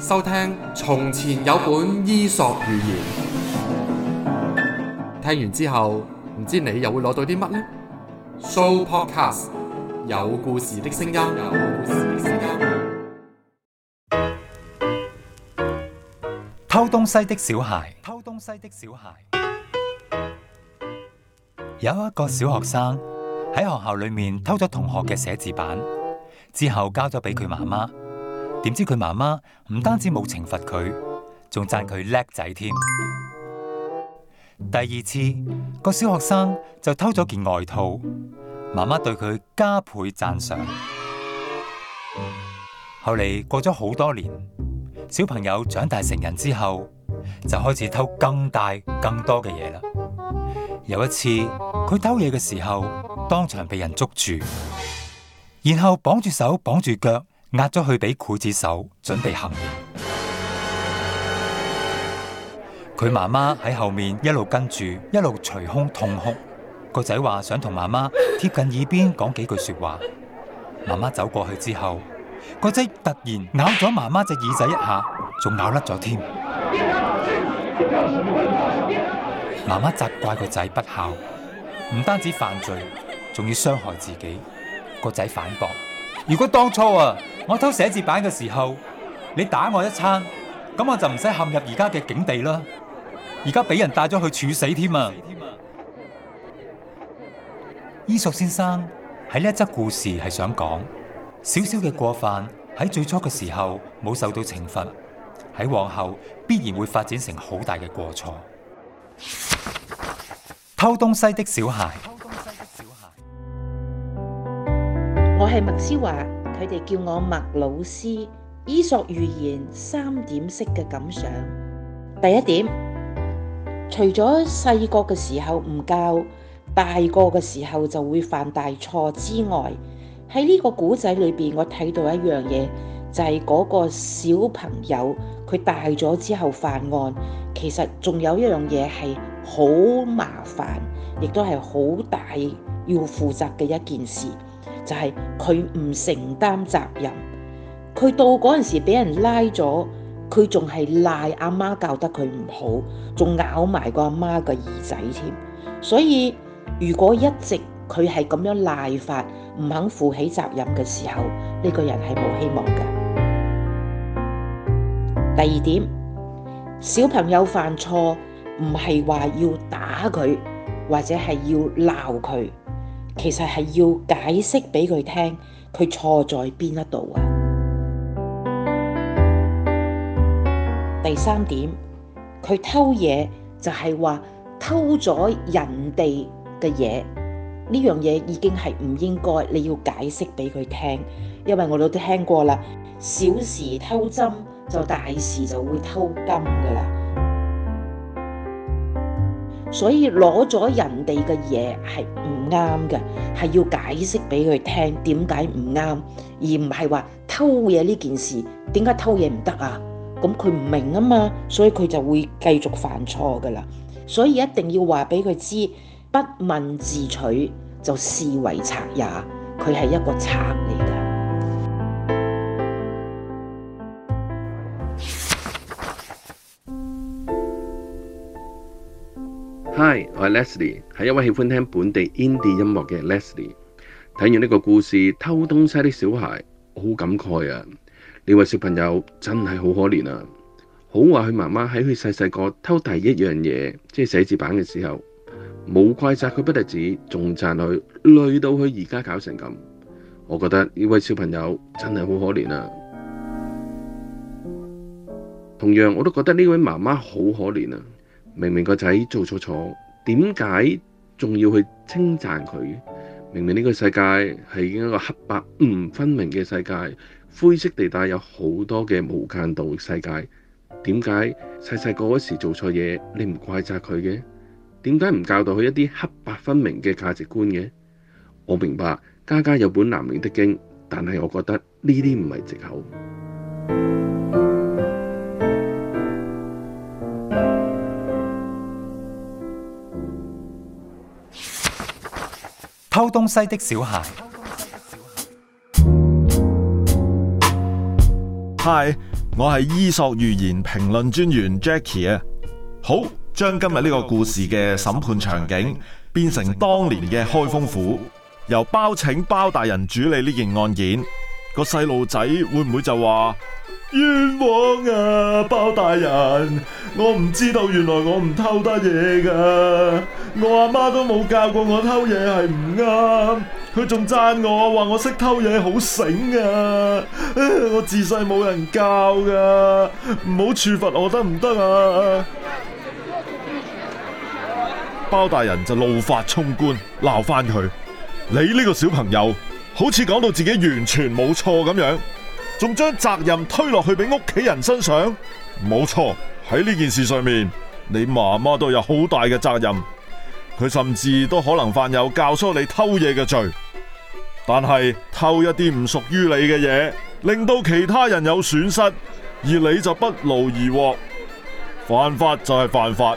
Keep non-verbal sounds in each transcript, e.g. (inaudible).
收聽從前有本伊索寓言，聽完之後唔知你又會攞到啲乜呢？Sooo Podcast，有故事的聲音，偷東西的小孩。偷東西的小孩，有一個小學生喺學校裏面偷咗同學嘅寫字板，之後交咗俾佢媽媽。點知佢媽媽唔單止冇懲罰佢，仲讚佢叻仔添。第二次，個小學生就偷咗件外套，媽媽對佢加倍讚賞。後嚟過咗好多年，小朋友長大成人之後，就開始偷更大、更多嘅嘢啦。有一次佢偷嘢嘅時候，當場被人捉住，然後綁住手、綁住腳。壓咗去俾劊子手，準備行刑。佢 (noise) 媽媽喺後面一路跟住，一路捶胸痛哭。個仔話想同媽媽貼近耳邊講幾句說話。媽媽走過去之後，個仔突然咬咗媽媽隻耳仔一下，仲咬甩咗添。 (noise) 媽媽責怪個仔不孝，唔單止犯罪，仲要傷害自己。個仔反駁：如果當初啊，我偷寫字板嘅時候，你打我一餐，咁我就唔使陷入而家嘅境地啦。而家俾人帶咗去處死添啊！伊索了先生喺呢一則故事係想講，小小嘅過犯喺最初嘅時候冇受到懲罰，喺往後必然會發展成好大嘅過錯。偷東西的小孩，偷東西的小孩，我係麥詩華。佢哋叫我麥老師，《伊索寓言》三點式嘅感想。第一點，除咗細個嘅時候唔教，大個嘅時候就會犯大錯之外，喺呢個古仔裏邊，我睇到一樣嘢，就係嗰個小朋友佢大咗之後犯案，其實仲有一樣嘢係好麻煩，亦都係好大要負責嘅一件事。就係佢唔承擔責任，佢到嗰陣時俾人拉咗，佢仲係賴阿媽教得佢唔好，仲咬埋個阿媽個耳仔添。所以如果一直佢係咁樣賴法，唔肯負起責任嘅時候，呢個人係冇希望㗎。第二點，小朋友犯錯唔係話要打佢或者係要鬧佢。其實係要解釋俾佢聽，佢錯在邊一度啊？第三點，佢偷嘢就係話偷咗人哋嘅嘢呢樣嘢，這個，已經係唔應該。你要解釋俾佢聽，因為我哋都聽過啦，小時偷針就大時就會偷金噶啦。所以攞咗人哋嘅嘢，係唔啱嘅，係要解釋俾佢聽點解唔啱，而唔係話偷嘢呢件事，點解偷嘢唔得啊？咁佢唔明啊嘛，所以佢就會繼續犯錯噶啦。所以一定要話俾佢知，不問自取就視為賊也，佢係一個賊嚟。Hi，我係 Leslie，係一位喜歡聽本地 indie 音樂嘅 Leslie。睇完呢個故事，偷東西的小孩，好感慨啊！呢位小朋友真係好可憐啊！好話佢媽媽喺佢細細個偷第一樣嘢，即係寫字板嘅時候，冇怪責佢不得止，仲讚佢，累到佢而家搞成咁。我覺得呢位小朋友真係好可憐啊！同樣，我都覺得呢位媽媽好可憐啊！明明個仔做錯錯，點解仲要去稱讚佢？明明呢個世界係一個黑白唔分明嘅世界，灰色地帶有好多嘅無間道世界。點解細細個嗰時做錯嘢，你唔怪責佢嘅？點解唔教導佢一啲黑白分明嘅價值觀嘅？我明白家家有本難明的經，但係我覺得呢啲唔係借口。偷東西的小孩。嗨，我係伊索寓言評論專員 Jackie 啊。好，將今日呢個故事嘅審判場景變成當年嘅開封府，由包拯包大人處理呢件案件。個細路仔會唔會就話？冤枉啊，包大人！我唔知道，原來我唔偷得嘢噶。我阿媽都冇教過我偷嘢係唔啱，佢仲讚我話我識偷嘢好醒啊！我自細冇人教噶唔好處罰我得唔得啊？包大人就怒髮衝冠，鬧翻佢，你呢個小朋友，好似講到自己完全冇錯咁樣。仲將責任推落去俾屋企人身上，冇錯，喺呢件事上面，你媽媽都有好大嘅責任。佢甚至都可能犯有教唆你偷嘢嘅罪。但係偷一啲唔屬於你嘅嘢，令到其他人有損失，而你就不勞而獲，犯法就係犯法。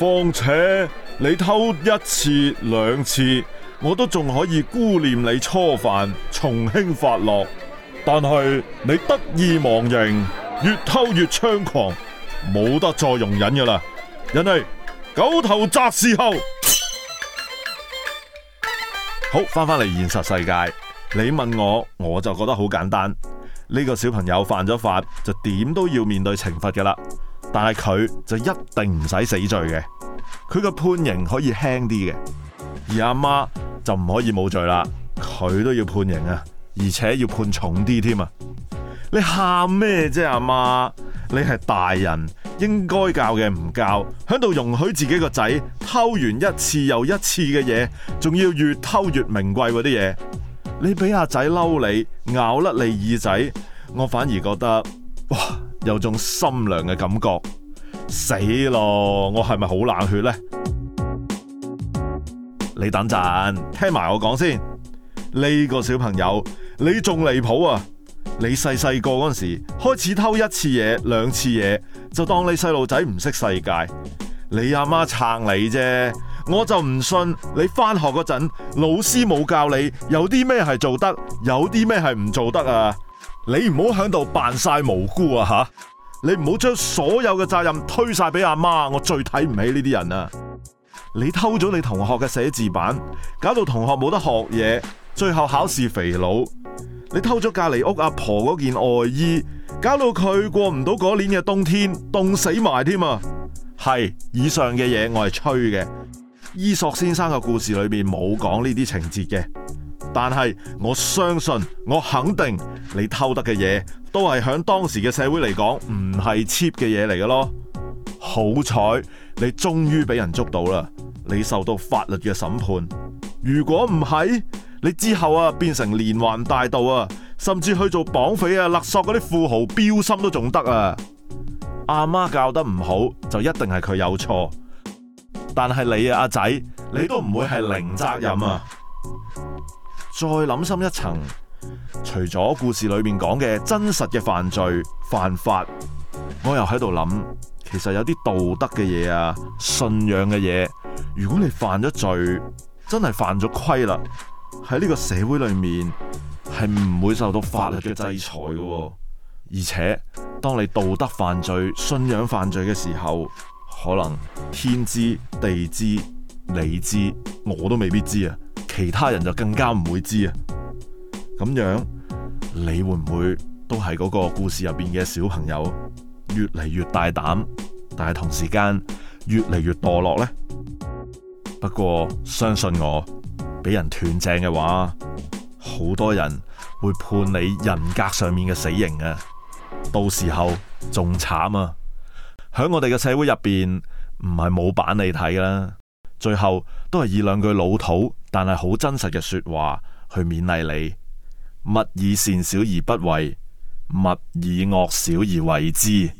況且你偷一次兩次，我都仲可以姑念你初犯，從輕發落。但係你得意忘形，越偷越猖狂，冇得再容忍噶啦！人哋狗頭鍘伺候。好，翻返嚟現實世界，你問我，我就覺得好簡單。呢、這個小朋友犯咗法，就點都要面對懲罰噶啦。但係佢就一定唔使死罪嘅，佢嘅判刑可以輕啲嘅。而阿媽就唔可以冇罪啦，佢都要判刑啊！而且要判重啲添啊！你喊咩啫，阿媽？你係大人，應該教嘅唔教，響度容許自己個仔偷完一次又一次嘅嘢，仲要越偷越名貴嗰啲嘢。你俾阿仔嬲你，咬甩你耳仔，我反而覺得，哇，有種心涼嘅感覺。死咯！我係咪好冷血呢？你等陣，聽埋我講先。呢個小朋友，你仲離譜啊！你細細個嗰陣時開始偷一次嘢，兩次嘢，就當你細路仔唔識世界，你阿媽撐你啫。我就唔信你翻學嗰陣老師冇教你有啲咩係做得，有啲咩係唔做得啊！你唔好響度扮晒無辜啊！吓，你唔好將所有嘅責任推晒俾阿媽，我最睇唔起呢啲人啊！你偷咗你同學嘅寫字板，搞到同學冇得學嘢。最後考試肥佬，你偷咗隔籬屋阿婆嗰件外衣，搞到佢過唔到嗰年嘅冬天，凍死埋添啊！係，以上嘅嘢，我係吹嘅。伊索先生嘅故事裏邊冇講呢啲情節嘅，但係我相信，我肯定你偷得嘅嘢都係響當時嘅社會嚟講唔係 cheap 嘅嘢嚟㗎咯。好彩你終於俾人捉到啦，你受到法律嘅審判。如果唔係，你之後啊，變成連環大盜啊，甚至去做綁匪啊，勒索嗰啲富豪，標心都仲得啊。阿媽教得唔好，就一定係佢有錯。但係你啊，阿仔，你都唔會係零責任啊。再諗深一層，除咗故事裡面講嘅真實嘅犯罪犯法，我又喺度諗，其實有啲道德嘅嘢啊，信仰嘅嘢，如果你犯咗罪，真係犯咗規啦。喺呢個社會裏面，係唔會受到法律嘅制裁嘅。而且，當你道德犯罪、信仰犯罪嘅時候，可能天知地知你知，我都未必知啊。其他人就更加唔會知啊。咁樣你會唔會都係嗰個故事入邊嘅小朋友，越嚟越大膽，但係同時間越嚟越墮落呢？不過相信我。俾人斷正嘅話，好多人會判你人格上面嘅死刑啊！到時候仲慘啊！響我哋嘅社會入邊，唔係冇版你睇啦。最後都係以兩句老土但係好真實嘅說話去勉勵你：勿以善小而不為，勿以惡小而為之。